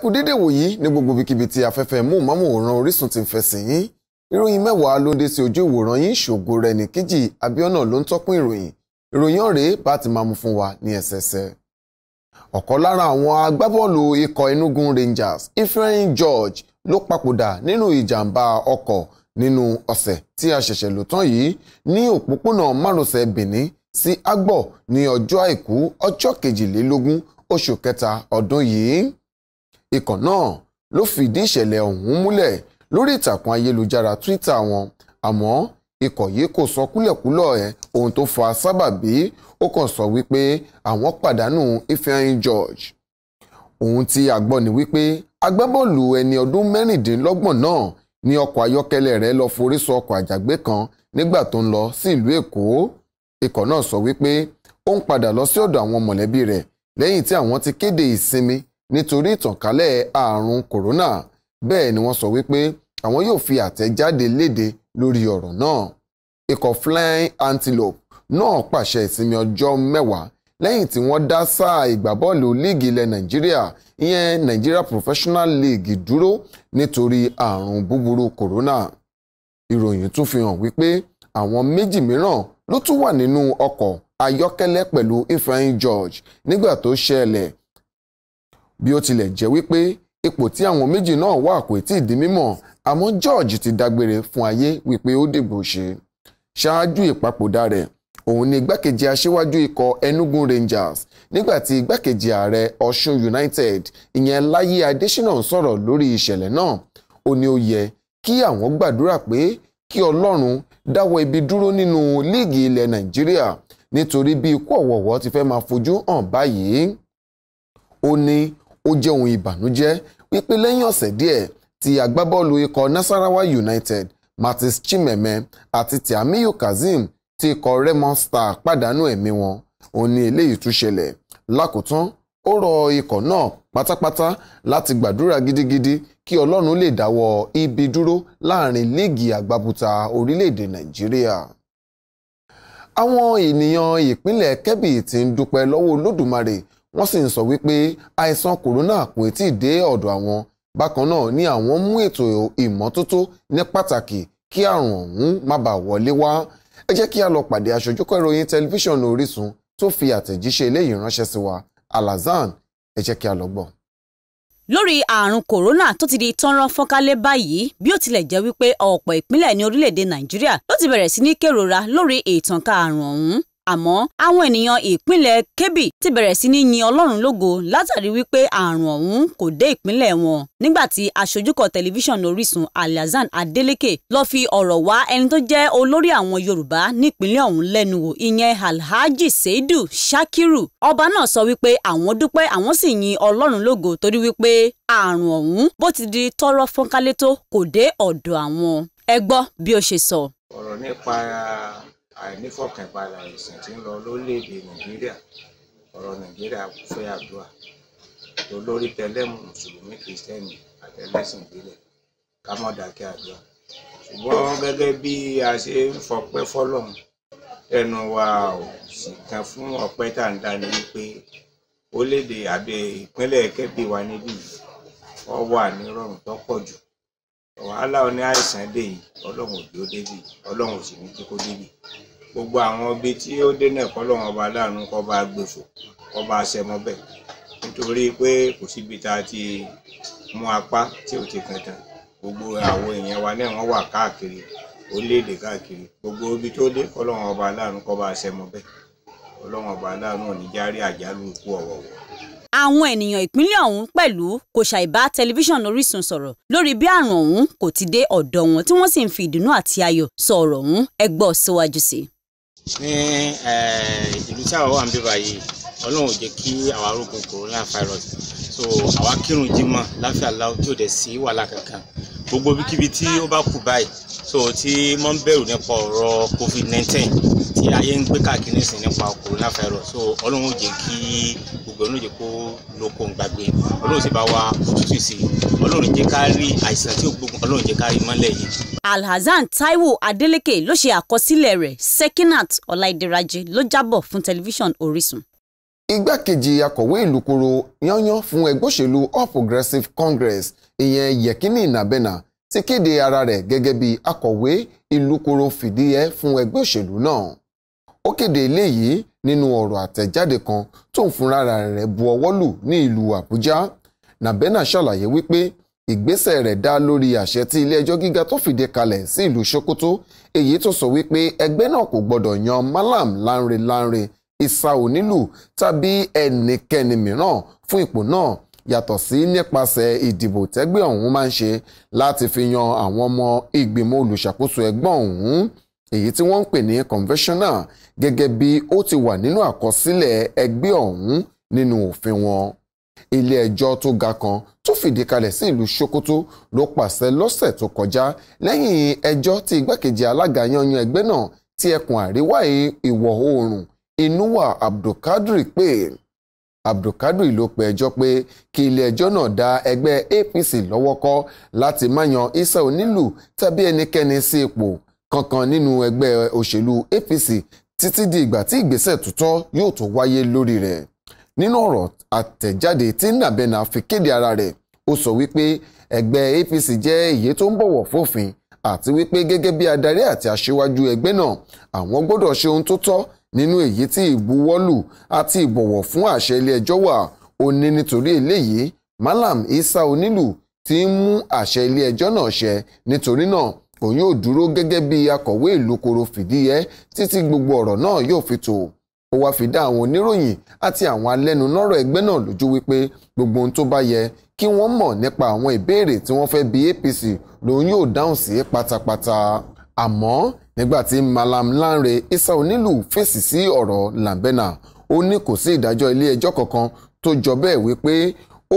kú dédé wòyí ní gbogbo ibikíbi tí afẹ́fẹ́ móhùnmáwòrán Orísun ti ń fẹsẹ̀ yín ìròyìn mẹ́wàá ló dé sí ojú ìwòran yín ṣògo rẹ̀ ní kejì Abíọ́nà ló ń tọ́kùn ìròyìn ìròyìn ọ̀rẹ́ bá ti máa mú fún wa ní ẹsẹẹsẹ. ọ̀kan lára àwọn agbábọ́ọ̀lù ikọ̀ Enugu Rangers Ifeanyi George ló papòdà nínú ìjàmbá ọkọ̀ nínú ọ̀sẹ̀ tí a ṣẹ̀ṣẹ̀ lò tán yìí ní òpópónà márosẹ̀ Benin sí Agbor ní ọjọ́ àìkú ọjọ́ kejìlélógún oṣù kẹta ọdún yìí ikọ̀ náà ló fìdí ìṣẹ̀lẹ̀ ọ̀hún múlẹ̀ lórí ìtàkùn ayélujára Twitter wọn àmọ́ ikọ̀ yìí kò sọ kúlẹ̀kúlọ̀ ẹ̀ ohun tó fa sábàbí ó kàn sọ wípé àwọn pàdánù Ifeanyi George ohun tí a gbọ́ ni wípé agbábọ́ọ̀lù ẹni ọdún mẹ́rìndínlọ́gbọ̀n náà ní ọkọ̀ ayọ́kẹ́lẹ́ rẹ̀ lọ forí sọ ọkọ̀ àjàgbé kan nígbà tó ń lọ sí ìlú Èkó ikọ̀ náà sọ wípé ó ń padà lọ sí ọ̀dọ̀ àwọn mọ̀lẹ́bí rẹ̀ lẹ́yìn tí àwọn ti kéde ìsinmi nítorí ìtànkálẹ̀ ààrùn kòrónà bẹ́ẹ̀ ni wọ́n sọ wípé àwọn yóò fi àtẹ̀jáde léde lórí ọ̀rọ̀ náà ikọ̀ flying antelope náà pàṣẹ ìsinmi ọjọ́ mẹ́wàá lẹ́yìn tí wọ́n dá sáà ìgbábọ́ọ̀lù líìgì ilẹ̀ nàìjíríà ìyẹn nigeria professional league dúró nítorí ààrùn búburú kòrónà ìròyìn tún fi hàn wípé àwọn méjì mìíràn ló tún wà nínú ọkọ̀ ayọ́kẹ́lẹ́ pẹ̀lú ifeanyi george nígbà tó ṣẹlẹ̀ bí ó tilẹ̀ jẹ́ wípé ipò tí àwọn méjì náà wà kò tí ì di mímọ̀ àmọ́ George ti dágbére fún ayé wípé ó dìbò ṣe ṣáájú ìpapòdà rẹ̀ òun ni igbákejì aṣíwájú ikọ̀ Enugu Rangers nígbàtí igbákejì ààrẹ Ọ̀ṣun United ìyẹn Láyé Adéṣínà sọ̀rọ̀ lórí ìṣẹ̀lẹ̀ náà ó ní ó yẹ kí àwọn gbàdúrà pé kí Ọlọ́run dáwọ́ ibi dúró nínú líìgì ilẹ̀ Nàìjíríà nítorí bí ikú ọ̀wọ̀wọ́ ti fẹ́ máa fojú hàn báyìí ó ní ó jẹ́ ohun ìbànújẹ́ wípé lẹ́yìn ọ̀sẹ̀ díẹ̀ tí agbábọ́ọ̀lù ikọ̀ Nasarawa United Martins Chimeme àti Tiamiyu Kazeem ti ikọ̀ Remo Star pàdánù ẹ̀mí wọn ó ní eléyìí tún ṣẹlẹ̀ lákòótán ó rọ ikọ̀ náà pátápátá láti gbàdúrà gidigidi kí Ọlọ́run lè dáwọ́ ibi dúró láàrin líìgì àgbàbùtà orílẹ̀-èdè Nàìjíríà àwọn ènìyàn ìpínlẹ̀ Kebbi ti ń dúpẹ́ lọ́wọ́ Olódùmarè wọ́n sì ń sọ wípé àìsàn kòrónà kò tí ì dé ọ̀dọ̀ àwọn bákan náà ni àwọn mú ètò ìmọ́tótó ní pàtàkì kí àrùn ọ̀hún má bàa wọlé wá ẹ jẹ́ kí a lọ pàdé aṣojúkọ̀ ìròyìn tẹlifíṣàn Orísun tó fi àtẹ̀jíṣẹ́ eléyìí ránṣẹ́ sí wa Alazan ẹ jẹ́ kí a lọ gbọ́ lórí àrùn kòrónà tó ti di tọ́nrán fọ́nkálẹ̀ báyìí bí ó tilẹ̀ jẹ́ wípé ọ̀pọ̀ ìpínlẹ̀ ní orílẹ̀-èdè nàìjíríà ló ti bẹ̀rẹ̀ sí ní kérora lórí ìtànká àrùn ọ̀hún àmọ́ àwọn ènìyàn ìpínlẹ̀ Kebbi ti bẹ̀rẹ̀ sí ní yin Ọlọ́run lógo látàrí wípé àrùn ọ̀hún kò dé ìpínlẹ̀ wọn nígbà tí aṣojúkọ tẹlifíṣàn Orísun Alhassan Adeleke lọ fi ọ̀rọ̀ wá ẹni tó jẹ́ olórí àwọn Yorùbá nípínlẹ̀ ọ̀hún lẹ́nu wò ìyẹn Alhaji Seidu Shakiru ọba náà sọ wípé àwọn dúpẹ́ àwọn sì yin Ọlọ́run lógo torí wípé àrùn ọ̀hún bó ti di tọrọ fọ́nkálétó kò dé ọ̀dọ̀ àwọn ẹ àìnífọ̀kànbalẹ̀ àìsàn tí ń lọ lórílẹ̀‐èdè nàìjíríà ọ̀rọ̀ nàìjíríà fẹ́ àdúrà olórí tẹlẹ́mù mùsùlùmí kìrìsìtẹ́nì àtẹlẹ́sìn ìbílẹ̀ ká mọ̀ dákẹ́ àdúrà ṣùgbọ́n gẹ́gẹ́ bí a ṣe ń fọpẹ́ fọ́lọ́run ẹnu wa ò sì kan fún ọpẹ́ tá à ń dání wípé ó léde àbí ìpínlẹ̀ kẹ́bí wa níbí yìí ọ wà nírọ̀rùn tó pọ̀ jù wàhálà oní àìsàn dé yìí ọlọ́run òjò débì ọlọ́run òsì ní kíkó débì gbogbo àwọn ibi tí ó dé náà kọ́lọ́run ọba aláàánú kó bá gbèfò kó bá aṣẹmọ bẹ́ẹ̀ nítorí pé kò síbi tá a ti mú apá tí ò ti kàn tán gbogbo àwọn èèyàn wa náà wọ́n wà káàkiri orílẹ̀-èdè káàkiri gbogbo ibi tó dé kọ́lọ́run ọba aláàánú kó bá aṣẹmọ bẹ́ẹ̀ ọlọ́run ọba aláàánú ò ní járí àjálù ikú ọ̀wọ̀wọ̀ àwọn ènìyàn ìpínlẹ̀ ọ̀hún pẹ̀lú kò ṣàìbá tẹlifíṣàn Orísun sọ̀rọ̀ lórí bí àrùn ọ̀hún kò ti dé ọ̀dọ̀ wọn tí wọ́n sì ń fi ìdùnnú àti ayọ̀ sọ ọ̀rọ̀ ọ̀hún ẹgbọ́ síwájú sí. ní ìlú tí àwa wà ń bíbá yìí Ọlọ́run ò jẹ́ kí àwa rógun corona virus so àwa kírun jímọ̀ láfíà láwùjọ tí ò dẹ̀ sí wàhálà kankan gbogbo ibikíbi tí ó bá kù báyìí so tí mo ń bẹ̀rù nípa ọ̀rọ̀ covid nineteen tí ayé ń gbé káàkiri sí nípa corona virus so ọlọ́run jẹ́ kí gbogbo ọlọ́run jẹ́ kó lo kó ń gbàgbé ọlọ́run sì bá wa tútù sí ọlọ́run jẹ́ ká rí àìsàn tí ó gbógun ọlọ́run jẹ́ ká rí mọ́lẹ̀ yìí. alhazan taiwo adeleke ló ṣe àkọsílẹ̀ rẹ̀ sekinat ọláìdíraje ló jábọ̀ fún tẹlifíṣàn orísun. igbákejì akọ̀wé ìlú koro yányán fún ẹgbẹ́ òṣèlú all progressives congress ìyẹn yẹkínì nàbẹ́nà ti kéde ara rẹ̀ gẹ́gẹ́ bí akọ̀wé ìlú koro fìdíhe fún ẹgbẹ́ òṣèlú náà ó kéde eléyìí nínú ọ̀rọ̀ àtẹ̀jáde kan tó ń fúnra rẹ̀ bu ọwọ́ lù ní ìlú Àbújá Nàbẹ́nà ṣàlàyé wípé ìgbésẹ̀ rẹ̀ dá lórí àṣẹ tí ilé-ẹjọ́ gíga tó fìdí kalẹ̀ sí ìlú Sokoto èyí tó sọ wípé ẹgbẹ́ náà kò gbọdọ̀ yan Malam Lanre Lanre Isa Onílù tàbí ẹnikẹ́ni mìíràn fún ipò náà yàtọ̀ sí nípasẹ̀ ìdìbò tẹ́gbẹ́ ọ̀hún máa ń ṣe láti fi yan àwọn ọmọ ìgbìmọ̀ olùṣàkóso ẹgbẹ́ ọ̀hún èyí tí wọ́n ń pè ní conventional gẹ́gẹ́ bí ó ti wà nínú àkọsílẹ̀ ẹgbẹ́ ọ̀hún nínú òfin wọn. ilé ẹjọ́ tó ga kan tó fìdí kalẹ̀ sí ìlú Sokoto ló pàṣẹ lọ́sẹ̀ tó kọjá lẹ́yìn ẹjọ́ tí igbákejì alága yanyan ẹgbẹ́ náà ti ẹkùn àríwá ìwọ̀ oòrùn Inuwa Abdulkadir pè Abdulkadir ló pe ẹjọ́ pé kí ilé ẹjọ́ náà dá ẹgbẹ́ APC lọ́wọ́ kọ́ láti má yan Isa Onílù tàbí ẹnikẹ́ni sí ipò kankan nínú ẹgbẹ́ òṣèlú APC títí di ìgbà tí ìgbésẹ̀ tuntun yóò tó wáyé lórí rẹ̀ nínú ọ̀rọ̀ àtẹ̀jáde tí Nabena fi kéde ara rẹ̀ ó sọ wípé ẹgbẹ́ APC jẹ́ èyí tó ń bọ̀wọ̀ fófin àti wípé gẹ́gẹ́ bí adarí àti aṣíwájú ẹgbẹ́ náà àwọn gbọ́dọ̀ ṣe ohun tó tọ́ nínú èyí tí ìbuwọ́lù àti ìbọ̀wọ̀ fún àṣẹ ilé ẹjọ́ wà ó ní nítorí eléyìí Malam Isa Onílù ti ń mú àṣẹ ilé ẹjọ́ náà ṣẹ nítorí náà òun yóò dúró gẹ́gẹ́ bí akọ̀wé ìlú koro fìdíhẹ títí gbogbo ọ̀rọ̀ náà yóò fi tò ó wáá fi dá àwọn oníròyìn àti àwọn alẹ́nulọ́rọ̀ ẹgbẹ́ náà lójú wípé gbogbo ohun tó bá yẹ kí wọ́n mọ̀ nípa àwọn ìbéèrè tí wọ́n fẹ́ bi APC lòun yóò dáhùn sí pátápátá àmọ́ nígbà tí Malam Lanre Isa Onílù fèsì sí ọ̀rọ̀ Lambena ó ní kò sí ìdájọ́ ilé ẹjọ́ kankan tó jọ bẹ́ẹ̀ wípé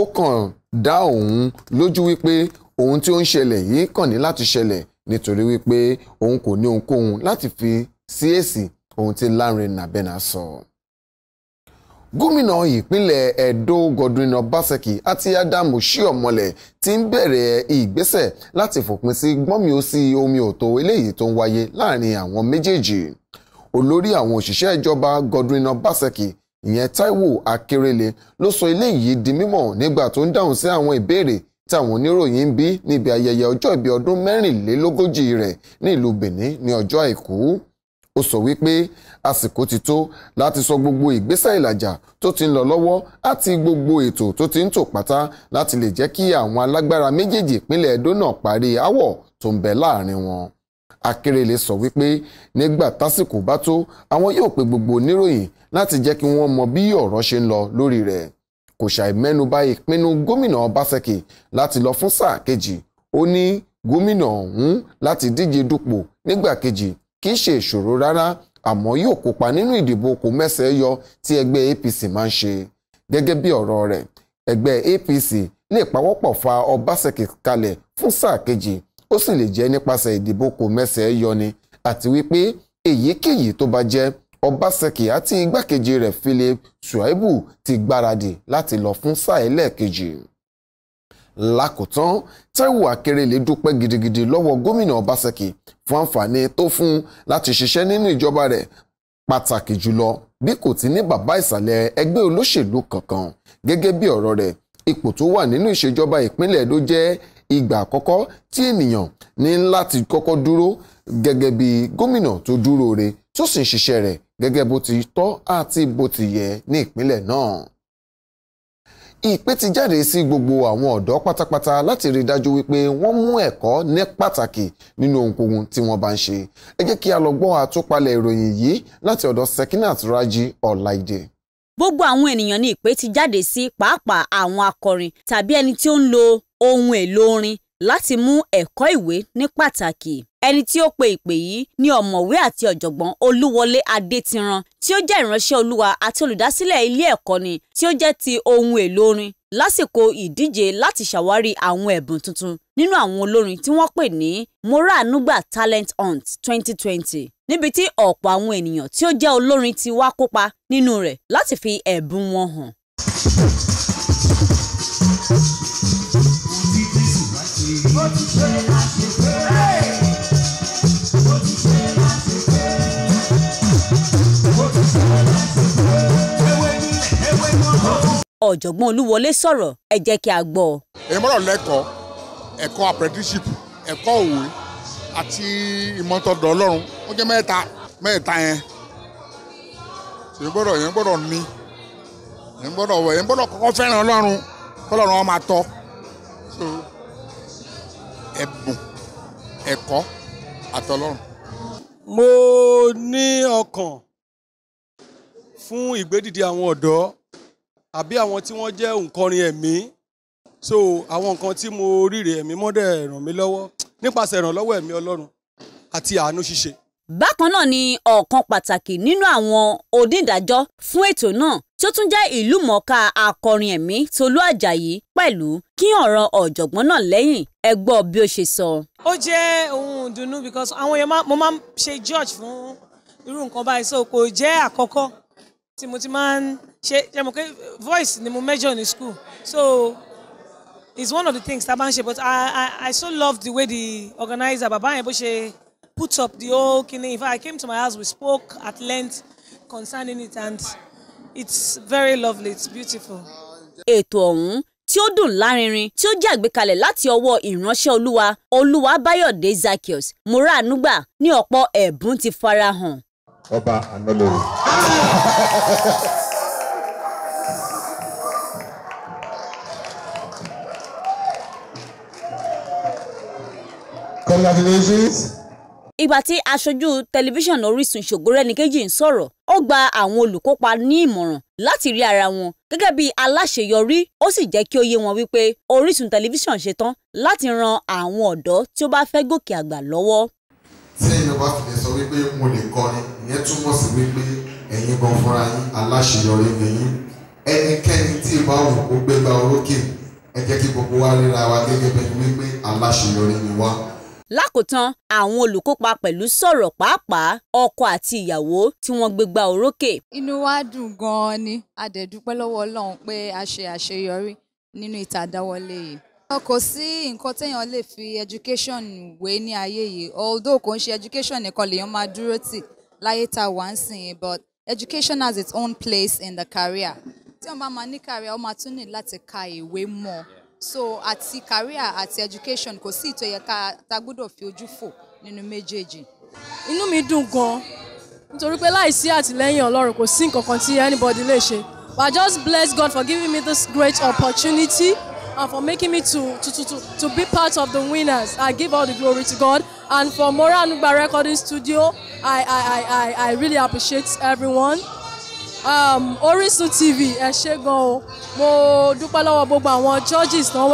ó kàn dá òun lójú wípé ohun tí ó ń ṣẹlẹ̀ yìí kàn ní láti ṣẹlẹ̀ nítorí wípé òun kò ní ohunkóhun láti fi sí èsì ohun tí Lanre Nabena sọ. gómìnà ìpínlẹ̀ Ẹdó Godwin Obaseki àti Adamu Shiomole ti ń bẹ̀rẹ̀ ìgbésẹ̀ láti fòpin sí gbọ́nmi ó sí omi òtó eléyìí tó ń wáyé láàrin àwọn méjèèjì olórí àwọn òṣìṣẹ́ ìjọba Godwin Obaseki ìyẹn Taiwo Akérèlé ló sọ eléyìí di mímọ̀ nígbà tó ń dáhùn sí àwọn ìbéèrè táwọn oníròyìn ń bí níbi ayẹyẹ ọjọ́ ìbí ọdún mẹ́rìnlélógójì rẹ̀ ní ìlú Benin ní ọjọ́ àìkú ó sọ wípé àsìkò ti tó láti sọ gbogbo ìgbésẹ̀ ìlàjà tó ti ń lọ lọ́wọ́ àti gbogbo ètò tó ti ń tò pátá láti lè jẹ́ kí àwọn alágbára méjèèjì ìpínlẹ̀ Edo náà parí aáwọ̀ tó ń bẹ láàrin wọn. Akérèlé sọ wípé nígbà tásìkò bá tó àwọn yóò pe gbogbo oníròyìn láti jẹ́ kí wọ́n mọ bí ọ̀rọ̀ ṣe ń lọ lórí rẹ̀ kò ṣàì mẹ́nubà ìpinnu gómìnà Obaseki láti lọ fún sáà kejì ó ní gómìnà ọ̀hún láti díje dupò nígbà kejì kì í ṣe ìṣòro rárá àmọ́ yóò kópa nínú ìdìbò kò mẹ́sẹ̀ yọ tí ẹgbẹ́ APC máa ń ṣe gẹ́gẹ́ bí ọ̀rọ̀ rẹ̀ ẹgbẹ́ APC lè pawọ́pọ̀ fa Obaseki kalẹ̀ fún sáà kejì ó sì lè jẹ́ nípasẹ̀ ìdìbò kò mẹ́sẹ̀ yọ ni àti wípé èyíkéyìí tó bá jẹ́ Ọbaṣẹ́kì àti igbákejì rẹ̀ Philip Shuaibu ti gbáradì láti lọ fún sáà ẹlẹ́ẹ̀kejì lákòótán Táíwò Akérèlé dúpẹ́ gidigidi lọ́wọ́ gómìnà Ọbaṣẹ́kì fún àǹfààní tó fún láti ṣiṣẹ́ nínú ìjọba rẹ̀ pàtàkì jùlọ bí kò ti ní bàbá ìsàlẹ̀ ẹgbẹ́ olóṣèlú kankan gẹ́gẹ́ bí ọ̀rọ̀ rẹ̀ ipò tó wà nínú ìṣèjọba ìpínlẹ̀ ló jẹ́ ìgbà àkọ́kọ́ tí ènìyàn ní láti kọ́kọ́ dúró gẹ́gẹ́ bí gómìnà tó dúró re tó sì ń ṣiṣẹ́ rẹ̀ gẹ́gẹ́ bó ti tọ́ àti bó ti yẹ ní ìpínlẹ̀ náà. Ìpè ti jáde sí gbogbo àwọn ọ̀dọ́ pátápátá láti rí dájú wípé wọ́n mú ẹ̀kọ́ ní pàtàkì nínú ohunkóhun tí wọ́n bá ń ṣe. Ẹ jẹ́ kí a lọ gbọ́ àtúpalẹ̀ ìròyìn yìí láti ọ̀dọ̀ Sekinat Raji Ọláìdé gbogbo àwọn ènìyàn ní ìpè ti jáde sí pàápàá àwọn akọrin tàbí ẹni tí ó ń lo ohun èlò orin láti mú ẹ̀kọ́ ìwé ní pàtàkì. Ẹni tí ó pe ìpè yìí ni ọ̀mọ̀wé àti ọ̀jọ̀gbọ́n Olúwọlé Adétiran tí ó jẹ́ ìránṣẹ́ Olúwa àti olùdásílẹ̀ ilé ẹ̀kọ́ ni tí ó jẹ́ ti ohun èlò orin lásìkò ìdíje láti ṣàwárí àwọn ẹ̀bùn tuntun nínú àwọn olórin tí wọ́n pè ní Moránúgbà Talent Hunt 2020 níbi tí ọ̀pọ̀ àwọn ènìyàn tí ó jẹ́ olórin ti wá kópa nínú rẹ̀ láti fi ẹ̀bùn wọn hàn. Thank you. ọ̀jọ̀gbọ́n olúwọlé sọ̀rọ̀ ẹ jẹ́ kí a gbọ́. èyí mọ́rọ̀ lẹ́kọ̀ọ́ ẹ̀kọ́ apprenticeship ẹ̀kọ́ òwe àti ìmọ̀tọ́dọ̀ ọlọ́run ó jẹ́ mẹ́ta mẹ́ta yẹn èyí gbọ́dọ̀ èyí gbọ́dọ̀ ní èyí gbọ́dọ̀ wọ̀ èyí gbọ́dọ̀ kọ́kọ́ fẹ́ràn ọlọ́run kọ́lọ́run ó máa so ẹ̀bùn ẹ̀kọ́ àtọlọ́run. mo ní ọkàn fún ìgbédìde àwọn ọ̀dọ́ àbí àwọn tí wọ́n jẹ́ òǹkọrin ẹ̀mí so àwọn nǹkan tí mo ríre ẹ̀mí mọ́dẹ̀ ràn mí lọ́wọ́ nípasẹ̀ ìrànlọ́wọ́ ẹ̀mí Ọlọ́run àti àánú ṣíṣe. bákan náà ni ọ̀kan pàtàkì nínú àwọn onídàájọ́ fún ètò náà tí ó tún jẹ́ ìlú akọrin ẹ̀mí Tolú Àjàyí pẹ̀lú kí ọ̀ràn ọ̀jọ̀gbọ́n náà lẹ́yìn ẹ gbọ́ bí ó ṣe sọ. ó jẹ́ ohun ìdùnnú because àwọn èèyàn mo máa ń ṣe judge fún irú nǹkan báyìí so kò jẹ́ àkọ́kọ́ tí mo ti máa ń ṣe ṣe mo pé voice ni mo major ní school so it's one of the things tá a ṣe but I, I I so love the way the organizer Baba, yẹn bó ṣe put up the whole kini in fact I came to my house we spoke at length concerning it and it's very lovely it's beautiful. ètò ọ̀hún tí ó dùn lárinrin tí ó jẹ́ àgbékalẹ̀ láti ọwọ́ ìránṣẹ́ olúwa olúwa báyọ̀dé zakios múra ànúgbà ní ọ̀pọ̀ ẹ̀bùn ti farahàn ọba ànálòrò. congratulations ìgbà tí aṣojú tẹlifíṣàn Orísun Ṣògorẹ́nìkejì ń sọ̀rọ̀ ó gba àwọn olùkópa ní ìmọ̀ràn láti rí ara wọn gẹ́gẹ́ bí aláṣeyọrí ó sì jẹ́ kí ó yé wọn wípé Orísun tẹlifíṣàn ṣetán láti ran àwọn ọ̀dọ́ tí ó bá fẹ́ gòkè àgbà lọ́wọ́. tí èèyàn bá wípé mo lè kọrin ìyẹn túmọ̀ sí wípé ẹ̀yin gan fúnra yín aláṣeyọrí nìyín ẹnikẹ́ni tí ì bá wù kó gbégbá orókè ẹ jẹ́ kí gbogbo wa ríra wa gẹ́gẹ́ bẹ́ẹ̀ wípé aláṣeyọrí ni wá. lákòótán àwọn olùkópa pẹ̀lú sọ̀rọ̀ pàápàá ọkọ àti ìyàwó tí wọ́n gbégbá orókè. inú wa dùn gan-an ni a dẹ̀ dúpẹ́ lọ́wọ́ Ọlọ́run pé a ṣe àṣeyọrí nínú ìtàdáwọlé yìí kò sí nǹkan téèyàn lè fi education wé ní ayé yìí although kò ń ṣe education nìkan lèèyàn máa dúró tì láyé tá wà ń sìn yìí but education has its own place in the career tí wọ́n bá máa ní career wọ́n máa tún ní láti ka ìwé mọ́ so àti career àti education kò sí ìtòyẹ ká ta gbọ́dọ̀ fi ojú fò nínú méjèèjì. inú mi dùn gan-an nítorí pé láìsí àtìlẹ́yìn Ọlọ́run kò sí nǹkan kan tí anybody lè ṣe but I just bless God for giving me this great opportunity and for making me to, to, to, to, to be part of the winners. I give all the glory to God. And for Mora Nugba Recording Studio, I, I, I, I, I really appreciate everyone. Um, Orisun TV, ẹ ṣé gan mo dúpẹ́ lọ́wọ́ gbogbo àwọn judges tán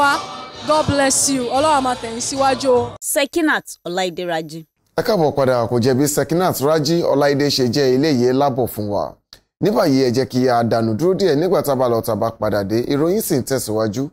God bless you, Ọlọ́run máa tẹ̀yìn síwájú o. Sekinat Ọláìdé Rájí. Ẹ káàbọ̀ padà kò jẹ̀bi Sekinat Raji Ọláìdé ṣe jẹ́ eléyìí lábọ̀ fún wa. Ní báyìí ẹ jẹ́ kí a dànù dúró díẹ̀ nígbà tá a bá lọ tá a bá padà dé, ìròyìn